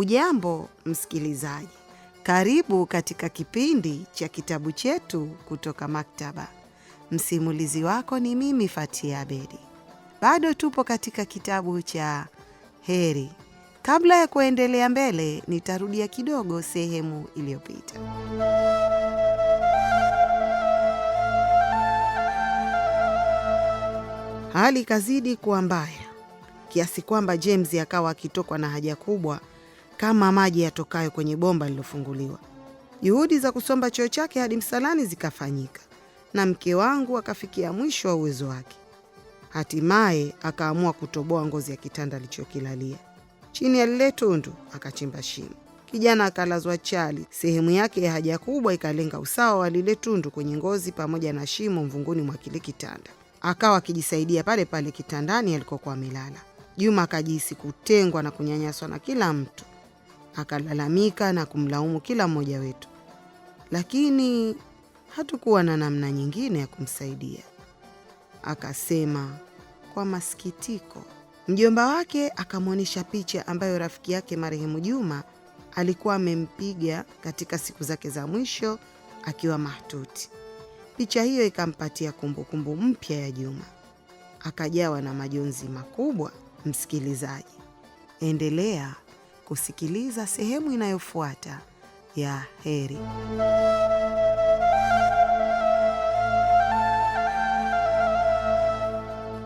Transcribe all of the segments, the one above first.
ujambo msikilizaji, karibu katika kipindi cha kitabu chetu kutoka maktaba. Msimulizi wako ni mimi Fatia Abedi. Bado tupo katika kitabu cha Heri. Kabla ya kuendelea mbele, nitarudia kidogo sehemu iliyopita. Hali ikazidi kuwa mbaya kiasi kwamba James akawa akitokwa na haja kubwa kama maji yatokayo kwenye bomba lilofunguliwa Juhudi za kusomba choo chake hadi msalani zikafanyika na mke wangu akafikia mwisho wa uwezo wake. Hatimaye akaamua kutoboa ngozi ya kitanda alichokilalia. Chini ya lile tundu akachimba shimo. Kijana akalazwa chali, sehemu yake ya haja kubwa ikalenga usawa wa lile tundu kwenye ngozi pamoja na shimo mvunguni mwa kile kitanda. Akawa akijisaidia pale pale kitandani alikokuwa amelala. Juma akajihisi kutengwa na kunyanyaswa na kila mtu akalalamika na kumlaumu kila mmoja wetu, lakini hatukuwa na namna nyingine ya kumsaidia. Akasema kwa masikitiko, mjomba wake akamwonyesha picha ambayo rafiki yake marehemu Juma alikuwa amempiga katika siku zake za mwisho akiwa mahututi. Picha hiyo ikampatia kumbukumbu mpya ya Juma, akajawa na majonzi makubwa. Msikilizaji, endelea kusikiliza sehemu inayofuata ya Heri.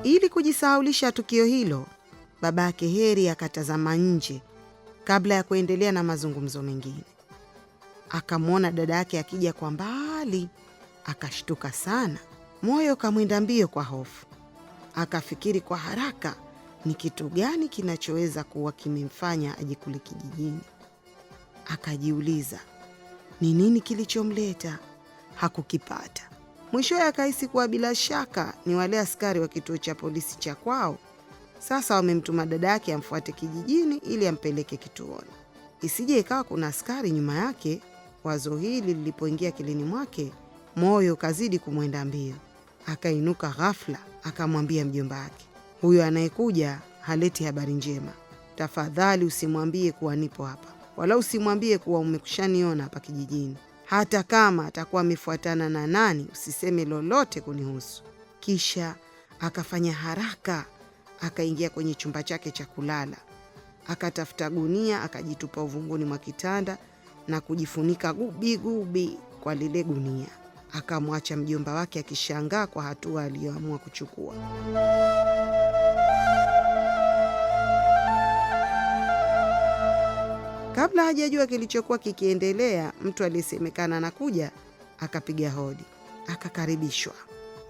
Ili kujisahaulisha tukio hilo, baba yake Heri akatazama nje kabla ya kuendelea na mazungumzo mengine. Akamwona dada yake akija kwa mbali, akashtuka sana, moyo kamwinda mbio kwa hofu. Akafikiri kwa haraka ni kitu gani kinachoweza kuwa kimemfanya aje kule kijijini. Akajiuliza ni nini kilichomleta, hakukipata. Mwishowe akahisi kuwa bila shaka ni wale askari wa kituo cha polisi cha kwao. Sasa wamemtuma dada yake amfuate kijijini ili ampeleke kituoni, isije ikawa kuna askari nyuma yake. Wazo hili lilipoingia kilini mwake, moyo ukazidi kumwenda mbio. Akainuka ghafla, akamwambia mjomba wake, huyo anayekuja haleti habari njema. Tafadhali usimwambie kuwa nipo hapa, wala usimwambie kuwa umekushaniona hapa kijijini. Hata kama atakuwa amefuatana na nani, usiseme lolote kunihusu. Kisha akafanya haraka akaingia kwenye chumba chake cha kulala, akatafuta gunia, akajitupa uvunguni mwa kitanda na kujifunika gubigubi kwa lile gunia. Akamwacha mjomba wake akishangaa kwa hatua aliyoamua kuchukua. Kabla hajajua kilichokuwa kikiendelea, mtu aliyesemekana anakuja akapiga hodi, akakaribishwa.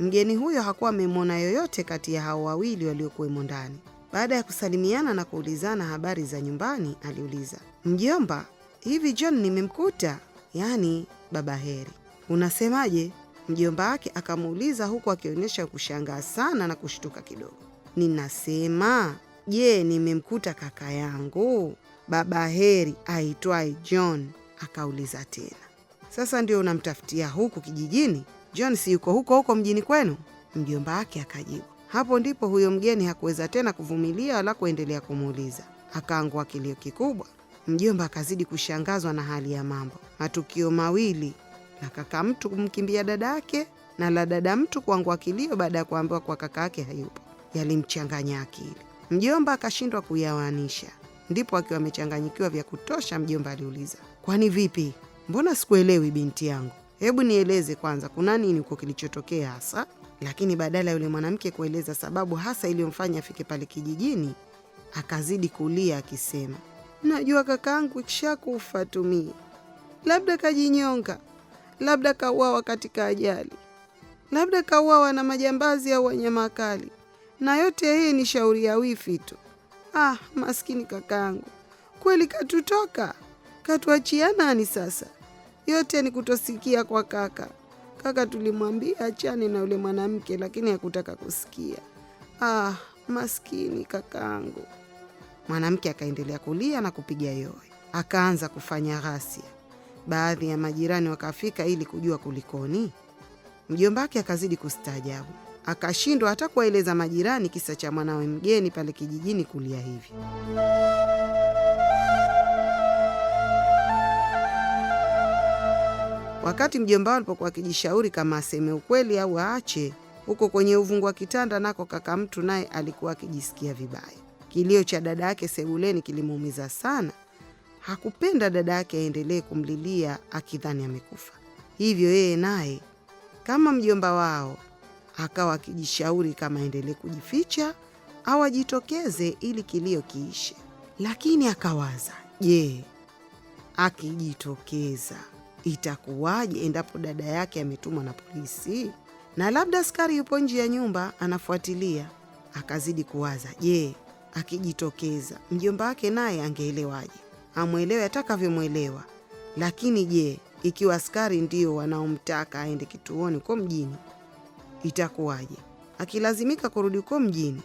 Mgeni huyo hakuwa amemwona yoyote kati ya hao wawili waliokuwemo ndani. Baada ya kusalimiana na kuulizana habari za nyumbani, aliuliza mjomba, hivi John nimemkuta, yaani baba Heri, unasemaje? Mjomba wake akamuuliza huku akionyesha kushangaa sana na kushtuka kidogo. Ninasema je, nimemkuta kaka yangu? baba heri aitwaye John akauliza tena, sasa ndio unamtafutia huku kijijini? John si yuko huko huko mjini kwenu? Mjomba wake akajibu. Hapo ndipo huyo mgeni hakuweza tena kuvumilia wala kuendelea kumuuliza, akaangua kilio kikubwa. Mjomba akazidi kushangazwa na hali ya mambo, matukio mawili, la kaka mtu kumkimbia dada yake na la dada mtu kuangua kilio baada ya kuambiwa kwa kaka yake hayupo, yalimchanganya akili. Mjomba akashindwa kuyawanisha Ndipo akiwa amechanganyikiwa vya kutosha, mjomba aliuliza, kwani vipi? Mbona sikuelewi binti yangu? Hebu nieleze kwanza, kuna nini huko kilichotokea hasa? Lakini badala ya yule mwanamke kueleza sababu hasa iliyomfanya afike pale kijijini, akazidi kulia akisema, najua kakaangu kishakufa Tumie, labda kajinyonga, labda kauawa katika ajali, labda kauawa na majambazi au wanyama kali, na yote yeye ni shauri ya wifi tu. Ah, maskini kakaangu, kweli katutoka, katuachia nani sasa? Yote ni kutosikia kwa kaka. Kaka tulimwambia achane na yule mwanamke, lakini hakutaka kusikia. Ah, maskini kakaangu. Mwanamke akaendelea kulia na kupiga yowe, akaanza kufanya ghasia. Baadhi ya majirani wakafika ili kujua kulikoni. Mjombake akazidi kustaajabu akashindwa hata kuwaeleza majirani kisa cha mwanawe mgeni pale kijijini kulia hivi. Wakati mjomba alipokuwa akijishauri kama aseme ukweli au aache, huko kwenye uvungu wa kitanda nako kaka mtu naye alikuwa akijisikia vibaya. Kilio cha dada yake sebuleni kilimuumiza sana. Hakupenda dada yake aendelee kumlilia akidhani amekufa, hivyo yeye naye kama mjomba wao akawa akijishauri kama aendelee kujificha au ajitokeze ili kilio kiishe. Lakini akawaza, je, akijitokeza itakuwaje endapo dada yake ametumwa na polisi na labda askari yupo nje ya nyumba anafuatilia? Akazidi kuwaza, je, akijitokeza mjomba wake naye angeelewaje? Amwelewe atakavyomwelewa. Lakini je, ikiwa askari ndio wanaomtaka aende kituoni kwa mjini itakuwaje? Akilazimika kurudi huko mjini,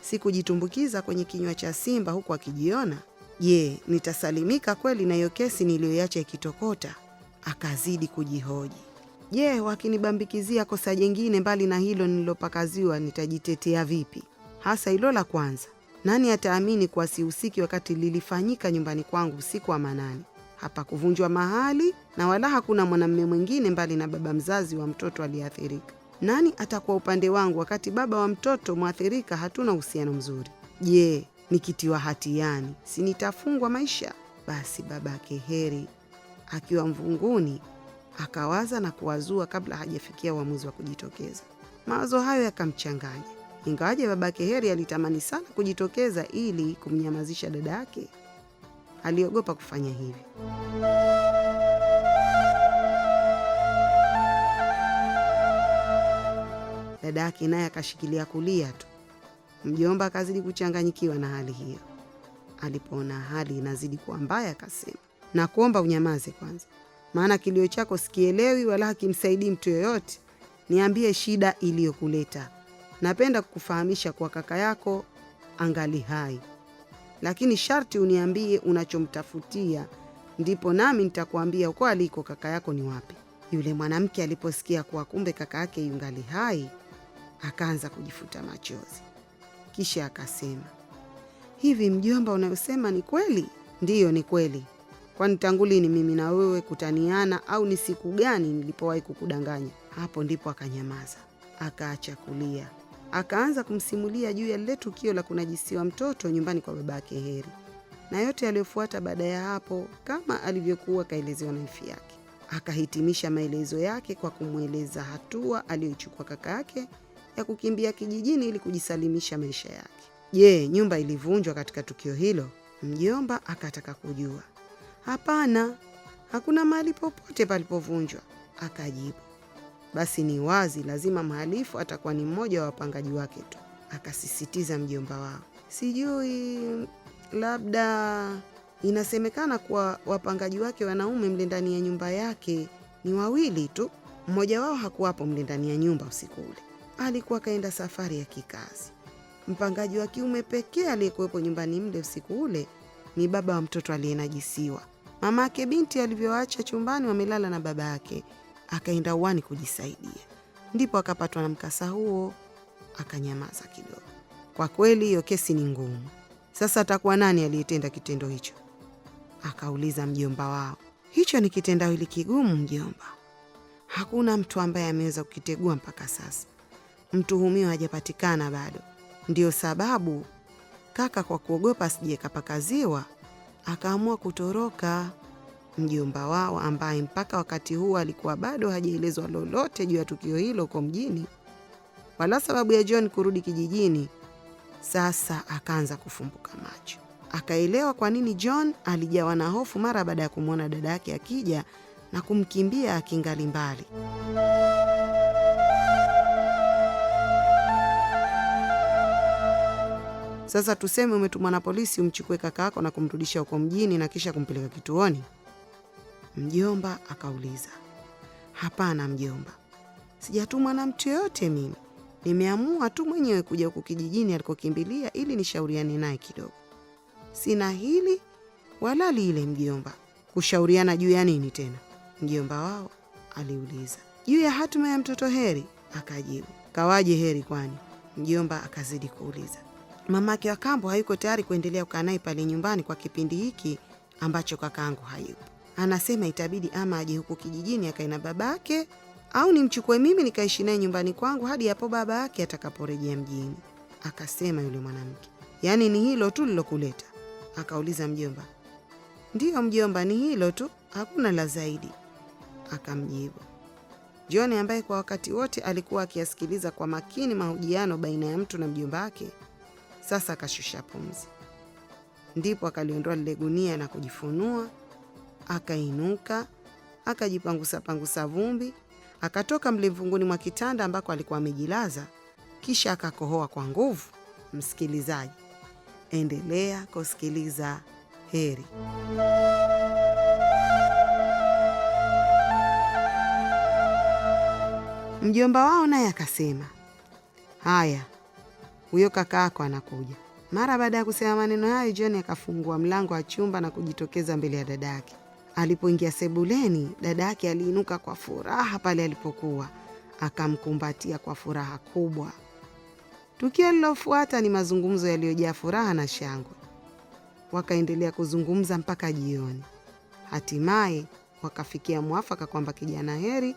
si kujitumbukiza kwenye kinywa cha simba huku akijiona, je, nitasalimika kweli na hiyo kesi niliyoiacha ikitokota? Akazidi kujihoji, je, wakinibambikizia kosa jengine mbali na hilo nililopakaziwa, nitajitetea vipi? Hasa hilo la kwanza, nani ataamini kuwa sihusiki wakati lilifanyika nyumbani kwangu usiku wa manane? Hapakuvunjwa mahali na wala hakuna mwanamume mwingine mbali na baba mzazi wa mtoto aliyeathirika. Nani atakuwa upande wangu wakati baba wa mtoto mwathirika hatuna uhusiano mzuri? Je, nikitiwa hatiani yani sinitafungwa maisha? Basi babake Heri akiwa mvunguni akawaza na kuwazua kabla hajafikia uamuzi wa kujitokeza. Mawazo hayo yakamchanganya, ingawaje babake Heri alitamani sana kujitokeza ili kumnyamazisha dada yake, aliogopa kufanya hivyo. Dada yake naye akashikilia kulia tu. Mjomba akazidi kuchanganyikiwa na hali hiyo. Alipoona hali inazidi kuwa mbaya, akasema na kuomba unyamaze kwanza, maana kilio chako sikielewi wala hakimsaidii mtu yoyote. Niambie shida iliyokuleta. Napenda kukufahamisha kwa kaka yako angali hai, lakini sharti uniambie unachomtafutia, ndipo nami nitakuambia uko aliko kaka yako ni wapi. Yule mwanamke aliposikia kuwa kumbe kaka yake yungali hai, akaanza kujifuta machozi, kisha akasema, hivi mjomba, unayosema ni kweli? Ndiyo, ni kweli. Kwani tangu lini mimi na wewe kutaniana, au ni siku gani nilipowahi kukudanganya? Hapo ndipo akanyamaza, akaacha kulia, akaanza kumsimulia juu ya lile tukio la kunajisiwa mtoto nyumbani kwa baba yake Heri na yote yaliyofuata baada ya hapo, kama alivyokuwa kaelezewa na ifi yake. Akahitimisha maelezo yake kwa kumweleza hatua aliyoichukua kaka yake ya kukimbia kijijini ili kujisalimisha maisha yake. Je, nyumba ilivunjwa katika tukio hilo? Mjomba akataka kujua. Hapana, hakuna mahali popote palipovunjwa, akajibu. Basi ni wazi lazima mhalifu atakuwa ni mmoja wa wapangaji wake tu, akasisitiza mjomba wao. Sijui, labda inasemekana kuwa wapangaji wake wanaume mle ndani ya nyumba yake ni wawili tu, mmoja wao hakuwapo mle ndani ya nyumba usiku ule alikuwa kaenda safari ya kikazi. Mpangaji wa kiume pekee aliyekuwepo nyumbani mle usiku ule ni baba wa mtoto aliyenajisiwa. ake binti alivyoacha chumbani wamelala na baba yake, akaenda uani kujisaidia, ndipo akapatwa na mkasa huo, akanyamaza kidogo. Kwa kweli hiyo kesi ni ngumu. Sasa atakuwa nani aliyetenda kitendo hicho? Akauliza mjomba wao. Hicho ni kitendawili kigumu mjomba, hakuna mtu ambaye ameweza kukitegua mpaka sasa mtuhumiwa hajapatikana bado. Ndiyo sababu kaka, kwa kuogopa sije kapakaziwa, akaamua kutoroka. Mjomba wao ambaye mpaka wakati huu alikuwa bado hajaelezwa lolote juu ya tukio hilo huko mjini wala sababu ya John kurudi kijijini, sasa akaanza kufumbuka macho, akaelewa kwa nini John alijawa na hofu mara baada ya kumwona dada yake akija na kumkimbia akingali mbali. Sasa tuseme umetumwa na polisi umchukue kaka yako na kumrudisha huko mjini na kisha kumpeleka kituoni? Mjomba akauliza. Hapana mjomba, sijatumwa na mtu yoyote mimi, nimeamua tu mwenyewe kuja huku kijijini alikokimbilia ili nishauriane naye kidogo. Sina hili wala lile mjomba. Kushauriana juu ya nini tena? Mjomba wao aliuliza. Juu ya hatima ya mtoto Heri, akajibu. Kawaje Heri kwani? Mjomba akazidi kuuliza. Mamake wa kambo hayuko tayari kuendelea kukaa naye pale nyumbani kwa kipindi hiki ambacho kakaangu hayupo. Anasema itabidi ama aje huku kijijini akae na babake au nimchukue mimi nikaishi naye nyumbani kwangu hadi hapo baba yake atakaporejea mjini, akasema yule mwanamke. Yaani ni hilo tu lilokuleta? Akauliza mjomba. Ndiyo mjomba, ni hilo tu, hakuna la zaidi, akamjibu John ambaye kwa wakati wote alikuwa akiyasikiliza kwa makini mahojiano baina ya mtu na mjomba wake. Sasa akashusha pumzi, ndipo akaliondoa lile gunia na kujifunua. Akainuka, akajipangusa pangusa vumbi, akatoka mlimvunguni mwa kitanda ambako alikuwa amejilaza, kisha akakohoa kwa nguvu. Msikilizaji, endelea kusikiliza Heri. Mjomba wao naye akasema, haya huyo kakaako anakuja. Mara baada ya kusema maneno hayo, John akafungua mlango wa chumba na kujitokeza mbele ya dada yake. Alipoingia sebuleni, dada yake aliinuka kwa furaha pale alipokuwa, akamkumbatia kwa furaha kubwa. Tukio lilofuata ni mazungumzo yaliyojaa furaha na shangwe. Wakaendelea kuzungumza mpaka jioni. Hatimaye wakafikia mwafaka kwamba kijana heri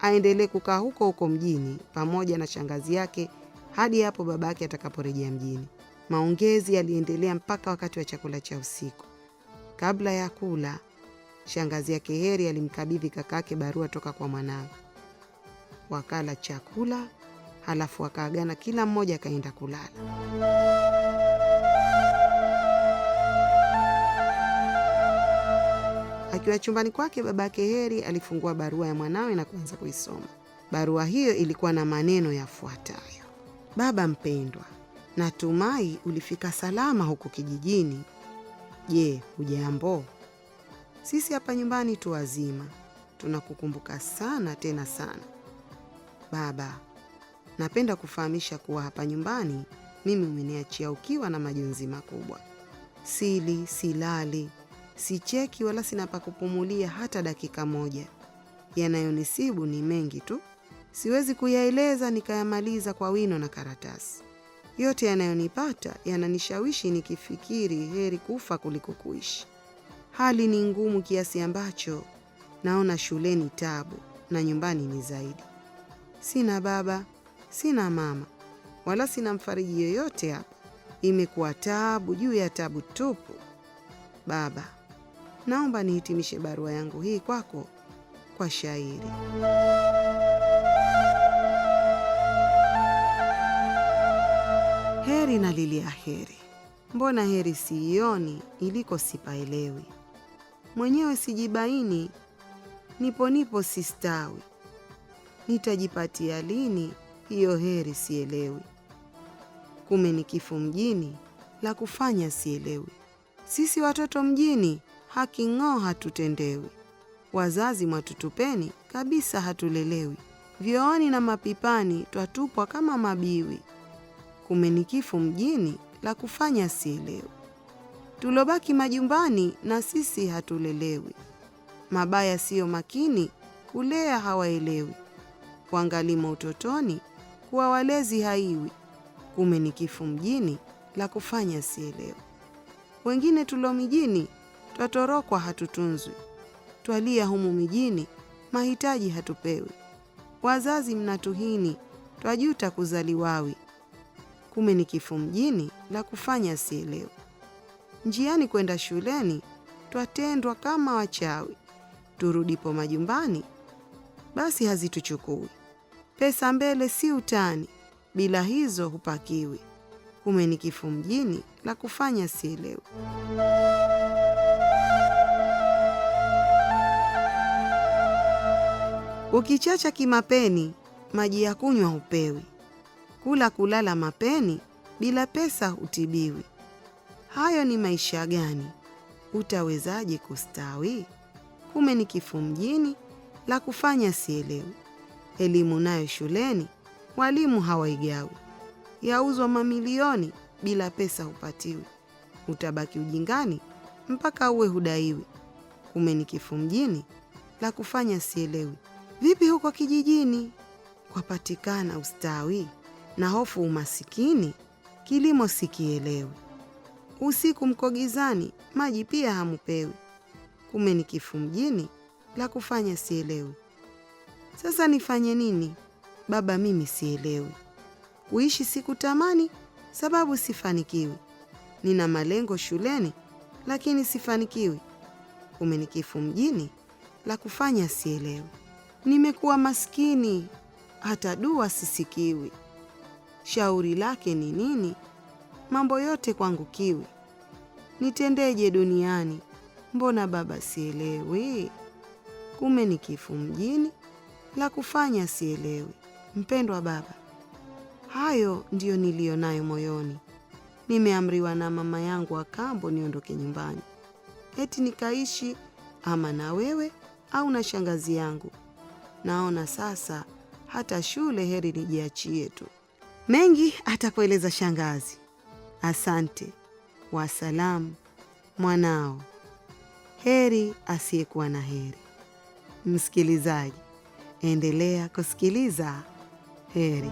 aendelee kukaa huko huko mjini pamoja na shangazi yake hadi hapo babake atakaporejea mjini. Maongezi yaliendelea mpaka wakati wa chakula cha usiku. Kabla ya kula, shangazi yake Heri alimkabidhi kakake barua toka kwa mwanawe. Wakala chakula halafu wakaagana, kila mmoja akaenda kulala. Akiwa chumbani kwake, babake Heri alifungua barua ya mwanawe na kuanza kuisoma. Barua hiyo ilikuwa na maneno yafuatayo: Baba mpendwa, natumai ulifika salama huku kijijini. Je, hujambo? Sisi hapa nyumbani tu wazima, tunakukumbuka sana tena sana. Baba, napenda kufahamisha kuwa hapa nyumbani mimi umeniachia ukiwa na majonzi makubwa. Sili, silali, sicheki wala sina pa kupumulia hata dakika moja. Yanayonisibu ni mengi tu siwezi kuyaeleza nikayamaliza kwa wino na karatasi. Yote yanayonipata yananishawishi nikifikiri heri kufa kuliko kuishi. Hali ni ngumu kiasi ambacho naona shuleni tabu na nyumbani ni zaidi. Sina baba, sina mama, wala sina mfariji yoyote hapa. Imekuwa tabu juu ya tabu tupu. Baba, naomba nihitimishe barua yangu hii kwako kwa shairi. Heri na lilia heri, mbona heri siioni, iliko sipaelewi. Mwenyewe sijibaini, nipo nipo sistawi, nitajipatia lini hiyo heri sielewi. Kume ni kifu mjini, la kufanya sielewi. Sisi watoto mjini, haki ng'oo hatutendewi. Wazazi mwatutupeni, kabisa hatulelewi. Vyooni na mapipani twatupwa kama mabiwi kumenikifu mjini la kufanya sielewi. Tulobaki majumbani na sisi hatulelewi. Mabaya siyo makini, kulea hawaelewi. Kuangalima utotoni, kuwa walezi haiwi. Kumenikifu mjini la kufanya sielewi. Wengine tulo mijini, twatorokwa hatutunzwi. Twalia humu mijini, mahitaji hatupewi. Wazazi mnatuhini, twajuta kuzaliwawi kume ni kifo mjini la kufanya sielewe Njiani kwenda shuleni twatendwa kama wachawi, turudipo majumbani basi hazituchukui. Pesa mbele si utani, bila hizo hupakiwi. Kume ni kifo mjini la kufanya sielewe. Ukichacha kimapeni, maji ya kunywa hupewi kula kulala mapeni bila pesa hutibiwi. Hayo ni maisha gani? Utawezaje kustawi? Kume ni kifo mjini, la kufanya sielewi. Elimu nayo shuleni walimu hawaigawi, yauzwa mamilioni, bila pesa hupatiwi. Utabaki ujingani mpaka uwe hudaiwi. Kume ni kifo mjini, la kufanya sielewi. Vipi huko kijijini kwapatikana ustawi? na hofu umasikini, kilimo sikielewi. Usiku mko gizani, maji pia hamupewi. Kume ni kifu mjini, la kufanya sielewi. Sasa nifanye nini? Baba mimi sielewi. Kuishi tamani sababu sifanikiwi. Nina malengo shuleni, lakini sifanikiwi. Kume ni kifu mjini, la kufanya sielewi. Nimekuwa maskini, hata dua sisikiwi shauri lake ni nini? Mambo yote kwangu kiwi, nitendeje duniani? Mbona baba sielewi? Kume ni kifu mjini, la kufanya sielewi. Mpendwa baba, hayo ndiyo niliyo nayo moyoni. Nimeamriwa na mama yangu wa kambo niondoke nyumbani, eti nikaishi ama na wewe au na shangazi yangu. Naona sasa hata shule heri nijiachie tu. Mengi atakueleza shangazi. Asante. Wasalamu mwanao. Heri asiyekuwa na heri. Msikilizaji, endelea kusikiliza Heri.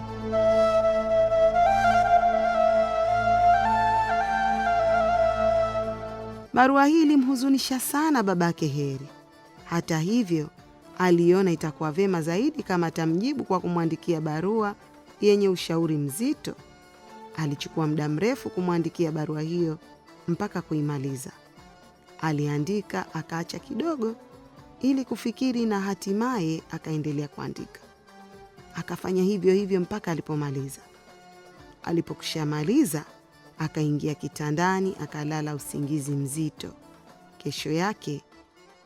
Barua hii ilimhuzunisha sana babake Heri. Hata hivyo, aliona itakuwa vema zaidi kama atamjibu kwa kumwandikia barua yenye ushauri mzito. Alichukua muda mrefu kumwandikia barua hiyo mpaka kuimaliza. Aliandika akaacha kidogo ili kufikiri, na hatimaye akaendelea kuandika. Akafanya hivyo hivyo mpaka alipomaliza. alipokushamaliza akaingia kitandani akalala usingizi mzito. Kesho yake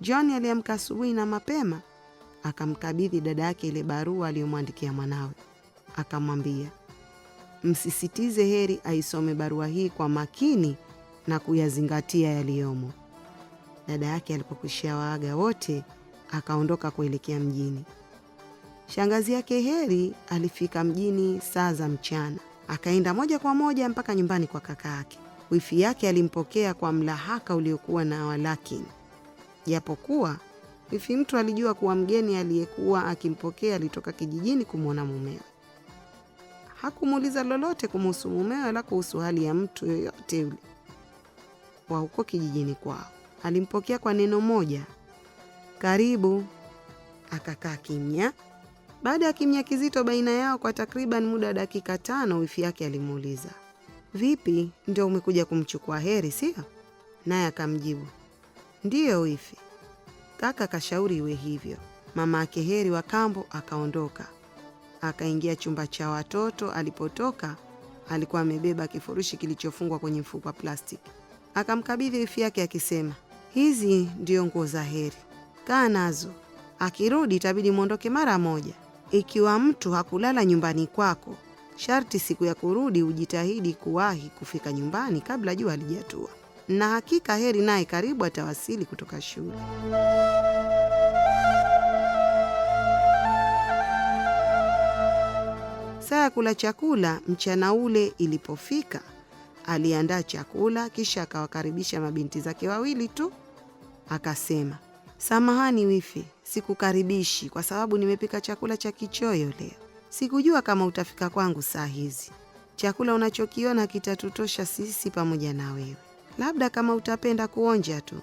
John aliamka asubuhi na mapema, akamkabidhi dada yake ile barua aliyomwandikia mwanawe akamwambia, msisitize heri aisome barua hii kwa makini na kuyazingatia yaliyomo. Dada yake alipokwishia waaga wote, akaondoka kuelekea mjini. Shangazi yake Heri alifika mjini saa za mchana, akaenda moja kwa moja mpaka nyumbani kwa kaka yake. Wifi yake alimpokea kwa mlahaka uliokuwa na walakini, japokuwa wifi mtu alijua kuwa mgeni aliyekuwa akimpokea alitoka kijijini kumwona mumewe hakumuuliza lolote kumuhusu mumewe wala kuhusu hali ya mtu yoyote yule wa huko kijijini kwao. Alimpokea kwa neno moja, karibu. Akakaa kimya. Baada ya kimya kizito baina yao kwa takriban muda wa dakika tano, wifi yake alimuuliza, vipi, ndio umekuja kumchukua Heri sio? Naye akamjibu ndiyo wifi, kaka kashauri iwe hivyo. Mama ake Heri wa kambo akaondoka akaingia chumba cha watoto. Alipotoka alikuwa amebeba kifurushi kilichofungwa kwenye mfuko wa plastiki. Akamkabidhi wifi yake akisema, hizi ndiyo nguo za Heri, kaa nazo. Akirudi itabidi mwondoke mara moja. Ikiwa mtu hakulala nyumbani kwako, sharti siku ya kurudi ujitahidi kuwahi kufika nyumbani kabla jua halijatua, na hakika Heri naye karibu atawasili kutoka shule. Saa ya kula chakula mchana ule ilipofika, aliandaa chakula kisha akawakaribisha mabinti zake wawili tu, akasema, samahani wifi, sikukaribishi kwa sababu nimepika chakula cha kichoyo leo. Sikujua kama utafika kwangu saa hizi. Chakula unachokiona kitatutosha sisi pamoja na wewe, labda kama utapenda kuonja tu.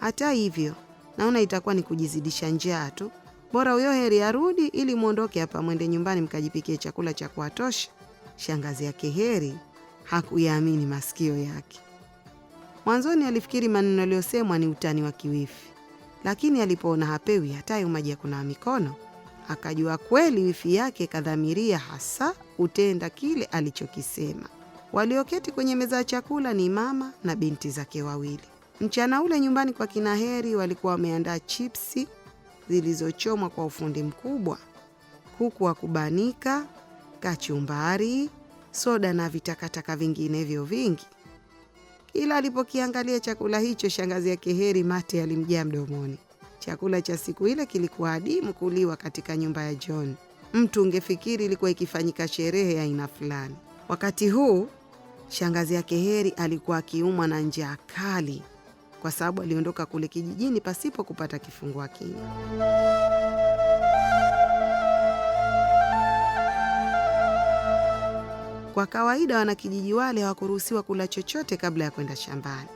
Hata hivyo, naona itakuwa ni kujizidisha njaa tu bora huyo heri arudi, ili mwondoke hapa mwende nyumbani mkajipikie chakula cha kuwatosha. Shangazi yake Heri hakuyaamini masikio yake. Mwanzoni alifikiri maneno yaliyosemwa ni utani wa kiwifi, lakini alipoona hapewi hata maji ya kunawa mikono, akajua kweli wifi yake kadhamiria hasa kutenda kile alichokisema. Walioketi kwenye meza ya chakula ni mama na binti zake wawili. Mchana ule nyumbani kwa kina Heri walikuwa wameandaa chipsi zilizochomwa kwa ufundi mkubwa, kuku wa kubanika, kachumbari, soda na vitakataka vinginevyo vingi. Kila alipokiangalia chakula hicho, shangazi yake Heri mate alimjaa mdomoni. Chakula cha siku ile kilikuwa adimu kuliwa katika nyumba ya John. Mtu ungefikiri ilikuwa ikifanyika sherehe ya aina fulani. Wakati huu shangazi yake Heri alikuwa akiumwa na njaa kali kwa sababu aliondoka kule kijijini pasipo kupata kifungua kinywa. Kwa kawaida wanakijiji wale hawakuruhusiwa kula chochote kabla ya kwenda shambani.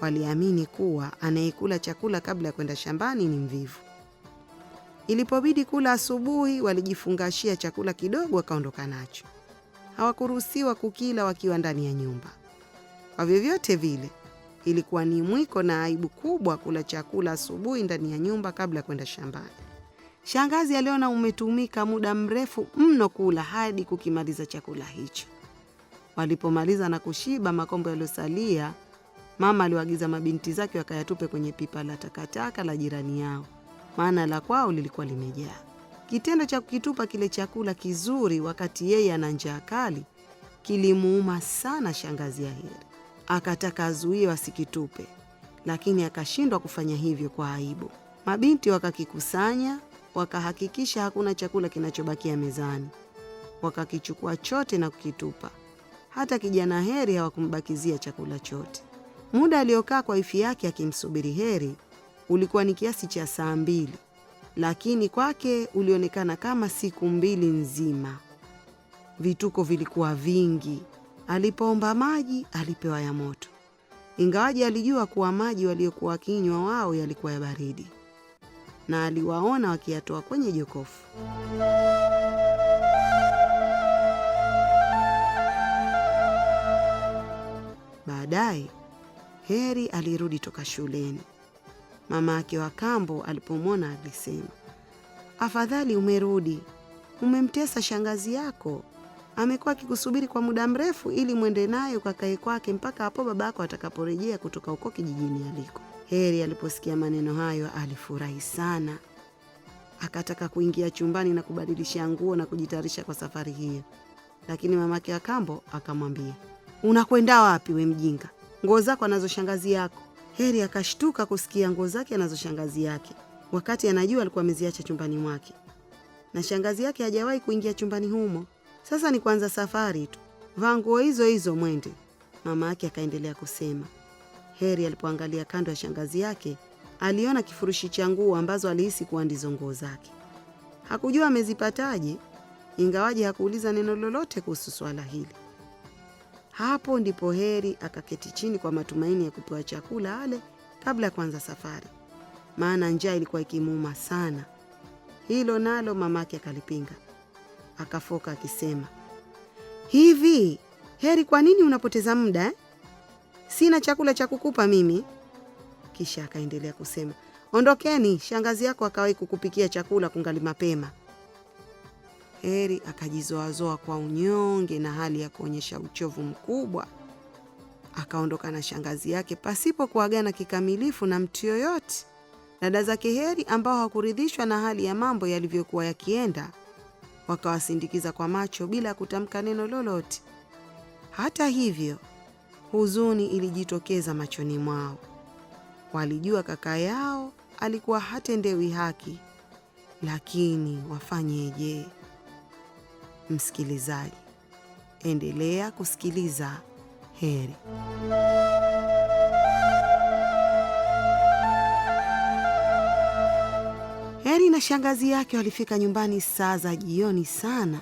Waliamini kuwa anayekula chakula kabla ya kwenda shambani ni mvivu. Ilipobidi kula asubuhi, walijifungashia chakula kidogo wakaondoka nacho. Hawakuruhusiwa kukila wakiwa ndani ya nyumba kwa vyovyote vile. Ilikuwa ni mwiko na aibu kubwa kula chakula asubuhi ndani ya nyumba kabla ya kwenda shambani. Shangazi aliona umetumika muda mrefu mno kula hadi kukimaliza chakula hicho. Walipomaliza na kushiba makombo yaliyosalia, mama aliwaagiza mabinti zake wakayatupe kwenye pipa la takataka la jirani yao, maana la kwao lilikuwa limejaa. Kitendo cha kukitupa kile chakula kizuri wakati yeye ana njaa kali kilimuuma sana shangazi ya Heri akataka azuie wasikitupe lakini akashindwa kufanya hivyo kwa aibu. Mabinti wakakikusanya, wakahakikisha hakuna chakula kinachobakia mezani, wakakichukua chote na kukitupa. Hata kijana Heri hawakumbakizia chakula chote. Muda aliokaa kwa ifi yake akimsubiri Heri ulikuwa ni kiasi cha saa mbili, lakini kwake ulionekana kama siku mbili nzima. Vituko vilikuwa vingi. Alipoomba maji alipewa ya moto, ingawaji alijua kuwa maji waliokuwa wakinywa wao yalikuwa ya baridi, na aliwaona wakiyatoa kwenye jokofu. Baadaye Heri alirudi toka shuleni. Mama yake wa kambo alipomwona alisema, afadhali umerudi, umemtesa shangazi yako amekuwa akikusubiri kwa muda mrefu ili mwende naye ukakae kwake mpaka hapo baba yako atakaporejea kutoka huko kijijini aliko. Heri aliposikia maneno hayo alifurahi sana, akataka kuingia chumbani na kubadilisha nguo na kujitayarisha kwa safari hiyo, lakini mamake wa kambo akamwambia, unakwenda wapi we mjinga? Nguo zako anazo shangazi yako. Heri akashtuka kusikia nguo zake anazo shangazi yake, wakati anajua alikuwa ameziacha chumbani mwake na shangazi yake hajawahi kuingia chumbani humo. Sasa ni kuanza safari tu, vaa nguo hizo hizo mwende. Mama yake akaendelea kusema. Heri alipoangalia kando ya shangazi yake aliona kifurushi cha nguo ambazo alihisi kuwa ndizo nguo zake. Hakujua amezipataje, ingawaje hakuuliza neno lolote kuhusu swala hili. Hapo ndipo Heri akaketi chini kwa matumaini ya kupewa chakula ale kabla ya kuanza safari, maana njaa ilikuwa ikimuuma sana. Hilo nalo mamake akalipinga akafoka akisema, hivi Heri, kwa nini unapoteza muda eh? Sina chakula cha kukupa mimi. Kisha akaendelea kusema, ondokeni, shangazi yako akawahi kukupikia chakula kungali mapema. Heri akajizoazoa kwa unyonge na hali ya kuonyesha uchovu mkubwa, akaondoka na shangazi yake pasipo kuagana kikamilifu na mtu yoyote. Dada zake Heri ambao hakuridhishwa na hali ya mambo yalivyokuwa yakienda wakawasindikiza kwa macho bila ya kutamka neno lolote. Hata hivyo, huzuni ilijitokeza machoni mwao. Walijua kaka yao alikuwa hatendewi haki, lakini wafanyeje? Msikilizaji, endelea kusikiliza. Heri. Mary na shangazi yake walifika nyumbani saa za jioni sana,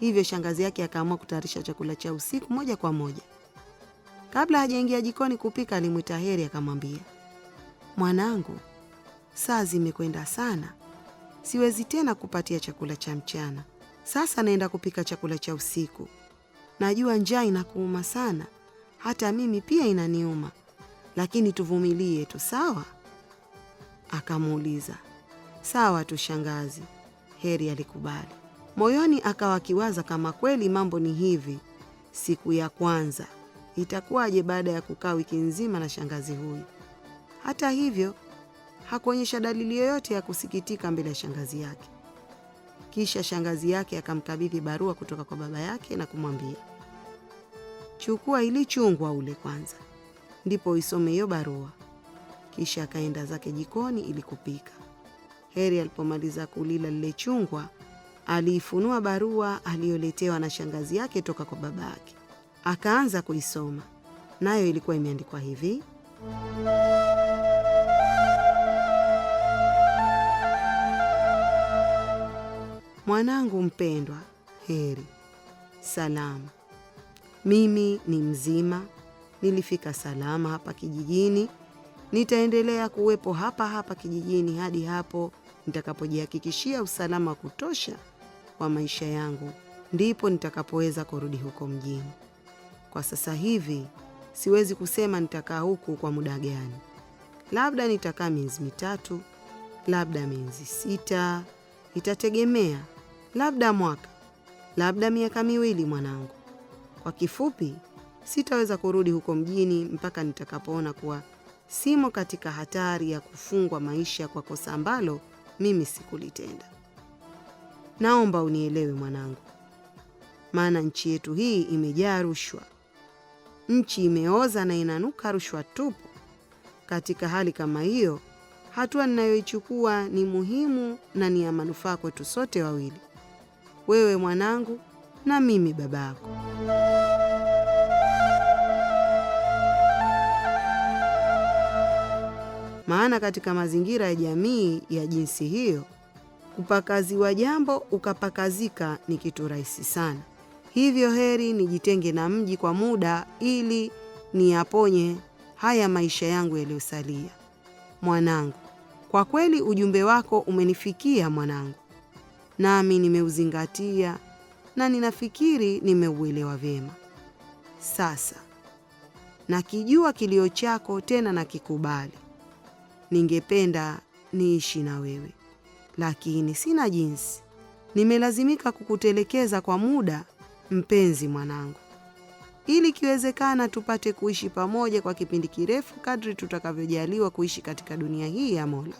hivyo shangazi yake akaamua kutayarisha chakula cha usiku moja kwa moja. Kabla hajaingia jikoni kupika, alimwita Heri akamwambia, mwanangu, saa zimekwenda sana, siwezi tena kupatia chakula cha mchana. Sasa naenda kupika chakula cha usiku. Najua njaa inakuuma sana, hata mimi pia inaniuma, lakini tuvumilie tu, sawa? Akamuuliza, Sawa tu shangazi, Heri alikubali. Moyoni akawa akiwaza kama kweli mambo ni hivi, siku ya kwanza itakuwaje baada ya kukaa wiki nzima na shangazi huyu? Hata hivyo hakuonyesha dalili yoyote ya kusikitika mbele ya shangazi yake. Kisha shangazi yake akamkabidhi barua kutoka kwa baba yake na kumwambia, chukua ili chungwa ule kwanza, ndipo isome hiyo barua. Kisha akaenda zake jikoni ili kupika. Heri alipomaliza kulila lile chungwa, aliifunua barua aliyoletewa na shangazi yake toka kwa baba yake, akaanza kuisoma. Nayo ilikuwa imeandikwa hivi: Mwanangu mpendwa, heri. Salamu. Mimi ni mzima, nilifika salama hapa kijijini. Nitaendelea kuwepo hapa hapa kijijini hadi hapo nitakapojihakikishia usalama wa kutosha wa maisha yangu, ndipo nitakapoweza kurudi huko mjini. Kwa sasa hivi siwezi kusema nitakaa huku kwa muda gani. Labda nitakaa miezi mitatu, labda miezi sita, itategemea, labda mwaka, labda miaka miwili, mwanangu. Kwa kifupi, sitaweza kurudi huko mjini mpaka nitakapoona kuwa simo katika hatari ya kufungwa maisha kwa kosa ambalo mimi sikulitenda. Naomba unielewe mwanangu, maana nchi yetu hii imejaa rushwa. Nchi imeoza na inanuka rushwa tupu. Katika hali kama hiyo, hatua ninayoichukua ni muhimu na ni ya manufaa kwetu sote wawili, wewe mwanangu na mimi babako. Maana katika mazingira ya jamii ya jinsi hiyo, kupakaziwa jambo ukapakazika ni kitu rahisi sana. Hivyo heri nijitenge na mji kwa muda ili niyaponye haya maisha yangu yaliyosalia. Mwanangu, kwa kweli ujumbe wako umenifikia mwanangu, nami nimeuzingatia na ninafikiri nimeuelewa vyema. Sasa nakijua kilio chako, tena nakikubali ningependa niishi na wewe, lakini sina jinsi, nimelazimika kukutelekeza kwa muda, mpenzi mwanangu. Ili kiwezekana tupate kuishi pamoja kwa kipindi kirefu kadri tutakavyojaliwa kuishi katika dunia hii ya Mola.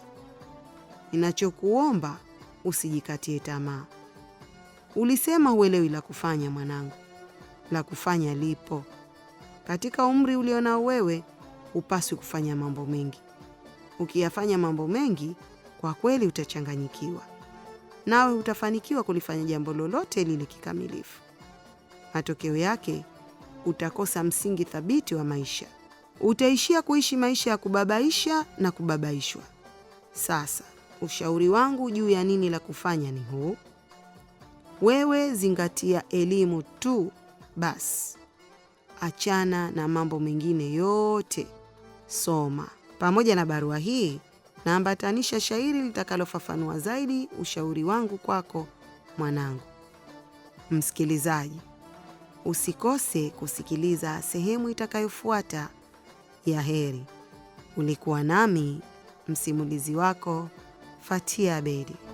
Ninachokuomba usijikatie tamaa. Ulisema huelewi la kufanya mwanangu. La kufanya lipo. Katika umri ulionao wewe, hupaswi kufanya mambo mengi. Ukiyafanya mambo mengi, kwa kweli utachanganyikiwa, nawe utafanikiwa kulifanya jambo lolote lile kikamilifu. Matokeo yake utakosa msingi thabiti wa maisha, utaishia kuishi maisha ya kubabaisha na kubabaishwa. Sasa ushauri wangu juu ya nini la kufanya ni huu: wewe zingatia elimu tu basi, achana na mambo mengine yote. Soma, pamoja na barua hii naambatanisha shairi litakalofafanua zaidi ushauri wangu kwako mwanangu. Msikilizaji, usikose kusikiliza sehemu itakayofuata ya Heri. Ulikuwa nami msimulizi wako Fatia Bedi.